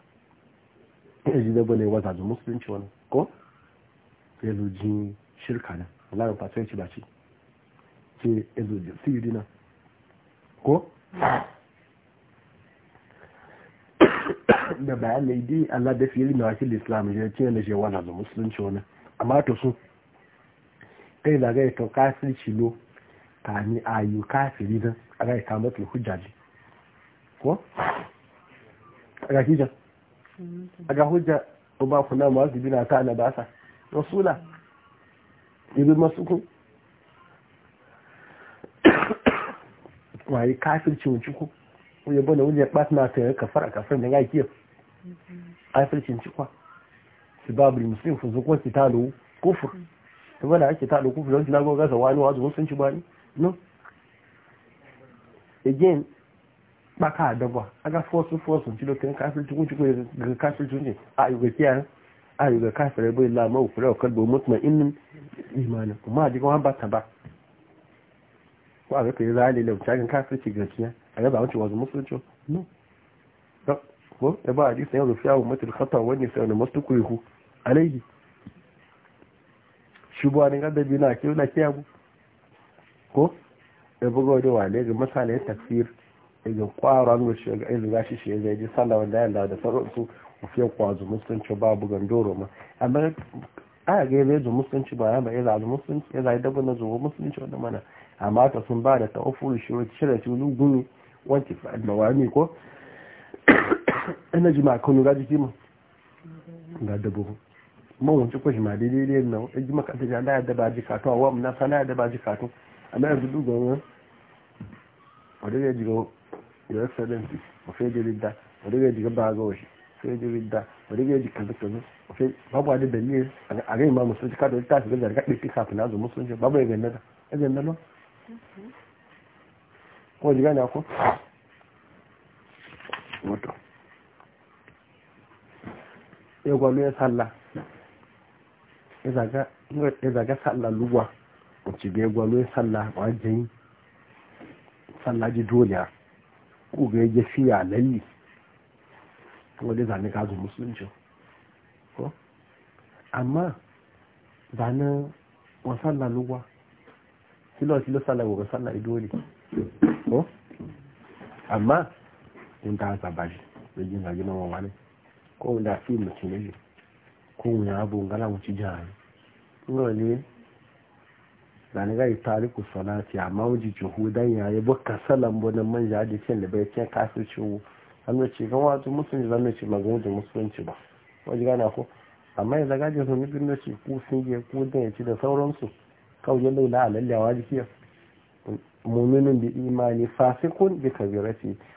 ya eh, ji dabo ne wata da musulunci wani ko ya shirka na Allah ya ba ce ya zo ji na ko da bayanai dai Allah da fiye na wakil islam ya ce da wala na musulunci wani amma to su kai da gai to kafir cilo ta ni ayu kafiri da a ta mutu hujjaji ko a ga aga hujja ba kuna su bina ta na basa rasula ibi masu kun waye mu wuce ko ya bane na batna ta kafar a kafar da ga kiyo afircin cikwa su sibabul muslim fuzukun kitalu kufur ta bada ake taɗa kufur don tilago gasa wani wazo sun ci ne no again baka adaba aga fosu fosu ci lokacin kafirci kun cikin daga kafirci ne a yi ga kiyar a yi ga kafin rabu yi lamar ukura wakar bai mutuma inin imani kuma a jikin ba ta ba ko a zaka yi zalilin cikin kafin cikin gaskiya a gaba wancan wazo musulunci no ko da ba hadisi yanzu fiya ummatul khata wani sai wani mastukrihu alaihi shi ba ne gadda na ke na ke abu ko da buga wani wale ga ya tafsir ga kwaron da shi ga izu gashi shi zai ji sallah wanda yalla da sauransu ku fiye kwazo musulunci ma amma a ga musulunci ba ya ba ya musulunci ya zai na musulunci wanda mana amma ta sun ba da ta'ofur shi wata shirya shi wani gumi ko ana jima kanu gaji kima ga dabo mawanci kwashi ma daidai ne nan ya jima kanta ja na da ba ji kato awa na sa na da ba ji kato amma yanzu duk gwamnan wadda ya eh? jiga your excellency ofe jirida wadda ya jiga ba ga washi sai jirida wadda ya jiga kaza kaza ofe babu wani dalilin eh? a rai ma musulunci kato ta shiga zarga ɗaiɗi kafin na zo musulunci babu ya gannada ya ya salla ya salla luwa wacce ga ya ya salla wajen salla ji duniya ko ga ya fiya lalli zane ka zo musulunci ko amma zanen wa salla luwa silo silo salla wa salla idoli ko amma in ta hasa bashi da jin zagi na wawa kóhun dà sí ne tìlẹ́ Ko kóhun abu bo nǹkan ci ti jà rẹ̀ ńlọ ni zaniga yi tariku salati amma wajen jihu dan ya yi bukka salam man ya da cin da bai cin kasu ciwo zanu ce kan wasu musulunci ci ce magamajin musulunci ba wajen gana ko amma ya zaga sun yi bin ci, ko sun je ko dan ya ci da sauransu kawai ya laila a lallawa jikiya muminin bi imani fasikun bi kabirati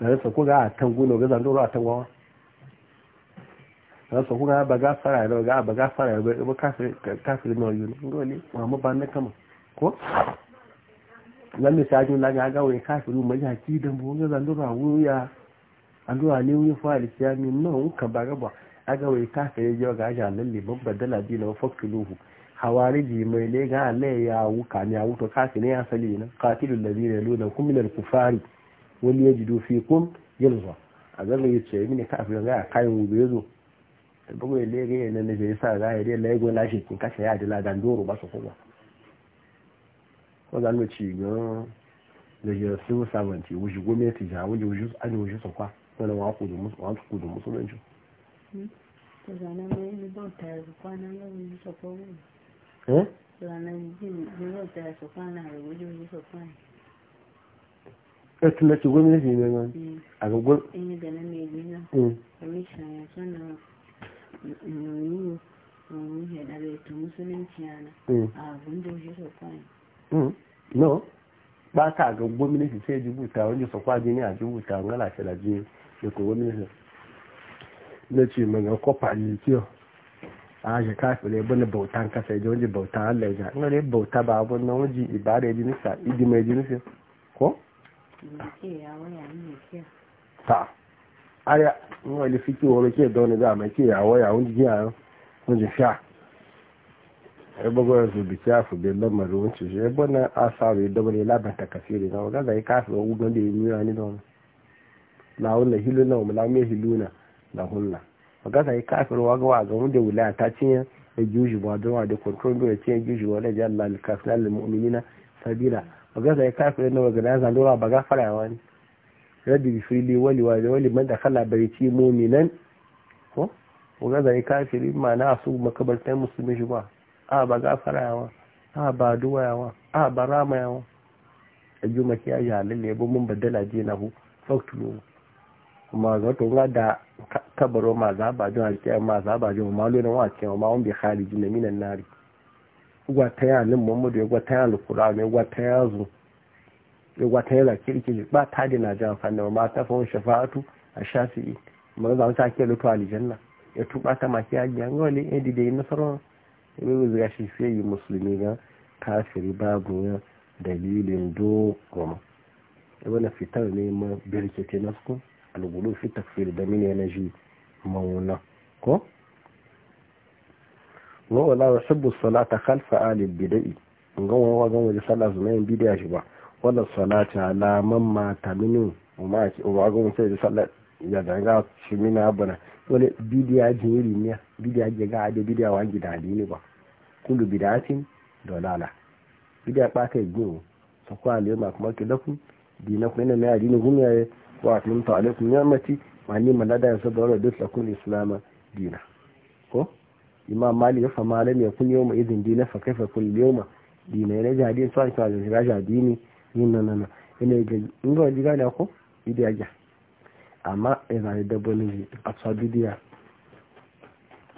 rasa kuga a tangu no gaza ndoro a tangawa rasa kuga ba ga fara da ga ba ga fara ba ba kafir kafir ne yuni ne ma mu ban kama ko nan ne sai la ga ga wai mu mai haki dan bo ga ndoro a wuya andoro ne wuya fa mu mun ka ba ga ba aga wai kafir ya ga ga ne babba dala bi na fakkiluhu hawariji mai ne ga ne ya wuka ne ya wuto kafin ne sali ne qatilul ladina yaluna kum min al-kufari wani ya jido fi kun yalza a zanga ya ce mini ka afirka ga kayan wube ya zo da bugu ya lega ya nan nabi sa ga ya dai laigo na shi kin kashe ya dila dan doro ba su kuma ko zan ci ga da ya su samanci wuji gwamnati ja wuji wuji an su kwa wannan wa ku musu musulunci hmm. to zanan mai ni ba ta kwana yau ni su ko eh ƙarfin na ce gwamnati ne ma a ga gwamnati no ba ka ga gwamnati sai jibuta wani sakwa jini a jibuta ngala shi da jini da ko gwamnati na ce maga kofa ne yɔ. a shi kafire ne bautan kasa ya wani bautan allah ya ga bauta ba abun na wajen ibada ya ji nisa idi mai ji ko ta aya n wà lè fi kí wọn kí ẹ̀dọ́ nígbà àmọ́ kí ìyàwó ìyàwó jíjí àárọ̀ wọ́n jù fíà ẹgbọ́gbọ́ ẹ̀sùn bìtí àfùgbẹ́ lọ́mọdé wọ́n ti ṣe ẹgbọ́n náà aṣáàrò ìdọ́mọdé lábàtà kàfíìrì náà gàdá iká àfẹ́ owó gbọ́ndé ìlú náà nínú ọ̀nà làwọn náà hìlú náà wọ́n láwọn méhìlú náà làwọn náà gàdá iká àfẹ́ wọn gbọ́ àgbọ̀n dé wùlẹ̀ àtàtìyàn ẹjú òṣùwọ̀n àdúrà àdé kọ̀ńtró ga da ya kafa yana wa gada zan ba ga farawa ne rabbi fili wali wali wali man da kala bari ci ko wa ga da ya kafa ri mana su makabartan musulmi shi ba a ba ga farawa a ba duwa yawa a ba rama yawa a juma badala je da kabaro ma za ba jin alƙiyar ma za ba jin malu na wa ma wani bai khalijin na gwataya ya nin muhammadu ya gwata ya alkura mai ya ya ba ta da na jan fannin ba, ta fahimta shafa'atu a shafi'i ma za mu ke lutu alijanna ya tuba ta maki ya gyan wale ya da yi nasarar ya bai shi sai yi musulmi ga kafiri babu ya dalilin dogon, ya wani fitar ne ma birkiti na su algulu fitar fil da mini yana ji mauna ko wa wala yuhibbu salata khalfa ali al-bida'i ngan wa gan wa sallah yin bida'i shi ba wala salata la mamma taminu umma ki wa gan sai sallah ya da ga shi mina bana wani bidiya jiri ne bida'i ga da bida'i wa gida ne ba kullu bidatin dalala bida'i ba kai go ta kwa ne ma kuma ki lakum dinakum inna ma dinukum ya wa atmamtu alaykum ni'mati wa ni malada da dukkan islam dina ko imam malik fa malam ya kun yawma idin dina fa kaifa kun yawma dina ne jadi so an ta ga jadi ni yin nan nan ina ga ngo diga da ko idi aja amma ina da bani a sabidiya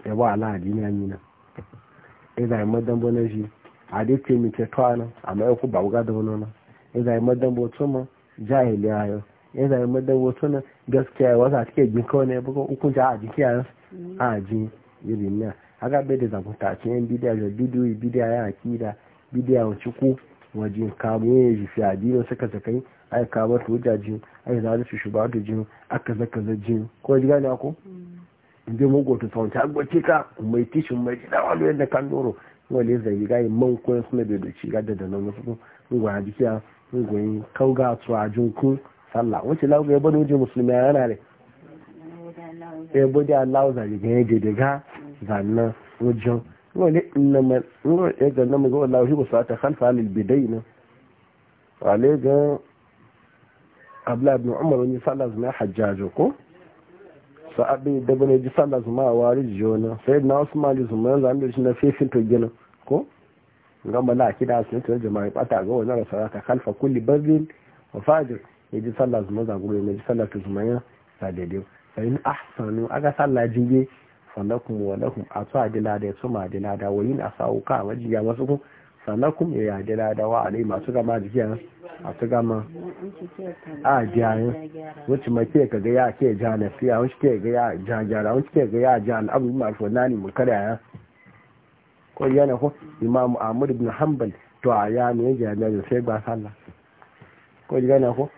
ya ba ala dina ni na ina ma dan bani ji a de ke mi ke twana amma ko ba ga da wannan ina ma dan bo tuma jahiliya yo ina ma dan bo gaskiya jin ne bugo ukun ja a jiki a aga bai da zakuta a cikin bidiya da bidiyoyi ya akida bidiya wa wajen kamo ya ji fi adini suka sakai ai kama ta wujajin ai zalu su shuba ta jin aka zaka zajin ko ji gane ko inda mu goto tsawon ta gwace ka mai tishin mai jida wani yadda kan doro wale zai gai man koyan suna bai doci da nan ngwa jikiya ngwa kauga tsuwa jinkun sallah ya bada wajen musulmi yana ne ya bude allahu zai daga zanna wajen wani innaman wani ya ga namu ga wallahi shi ba ta khalfa lil bidai na wale ga abla ibn umar wani sallah zuma hajjajo ko sa'abi da bane ji sallah zuma wari jona sai na wasu usman zuma zan da shi na fefin to gina ko gamba la kida sun to jama'i bata ga wannan rasulata khalfa kulli barrin wa fajir yaji sallah zuma zagure ne ji sallah zuma ya da daidai sai ahsanu aga sallah jiye falakum walakun a su adila da su madila da wayin a sa'u ka a majiya masu kun falakum ya yi adila da wa alai masu gama jikiya a su gama a jiyayen wuce ma ke ka gaya ke ja na fiya wuce ke gaya ja jara wacce ke gaya ja al'abu mafi nani mu kada ya ko yana ko imamu amur ibn hanbal to a ya ne ya sai ba sallah ko yana ko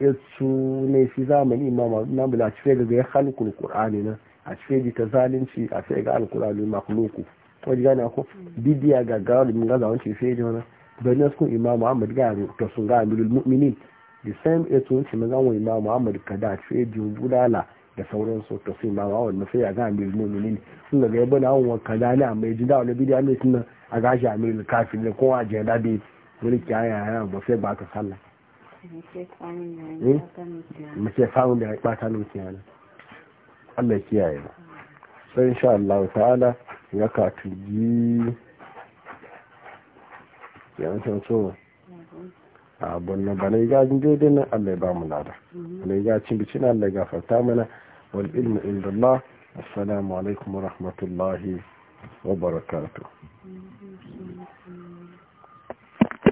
ya su ne shi zamani imamu na bula ci sai ga ya halukul qur'ani na a cikin ta zalunci a sai ga alkurani makuluku wajen gane ko bidiya ga gawar galimin gaza wancin sai ji wani bayan sun imam muhammad ga to sun ga amirul mu'minin the same as sun ci mazan wa imam muhammad kada ce ji budala da sauransu to sun imam muhammad na sai ga amirul mu'minin sun ga yabo na wa kada na mai ji da wani bidiya ne tun a gashi amirul kafin ne ko a je da bi mulki aya ya ba sai ba ka sallah mace samun da ya bata nuki yana Allah kiyaye mu sai insha Allah ta'ala ya ka tuji san so abun na bane ga daidai nan Allah ya ba mu lada ne ga cin bicin Allah ya gafarta mana wal ilmu inda Allah assalamu alaikum wa rahmatullahi wa barakatuh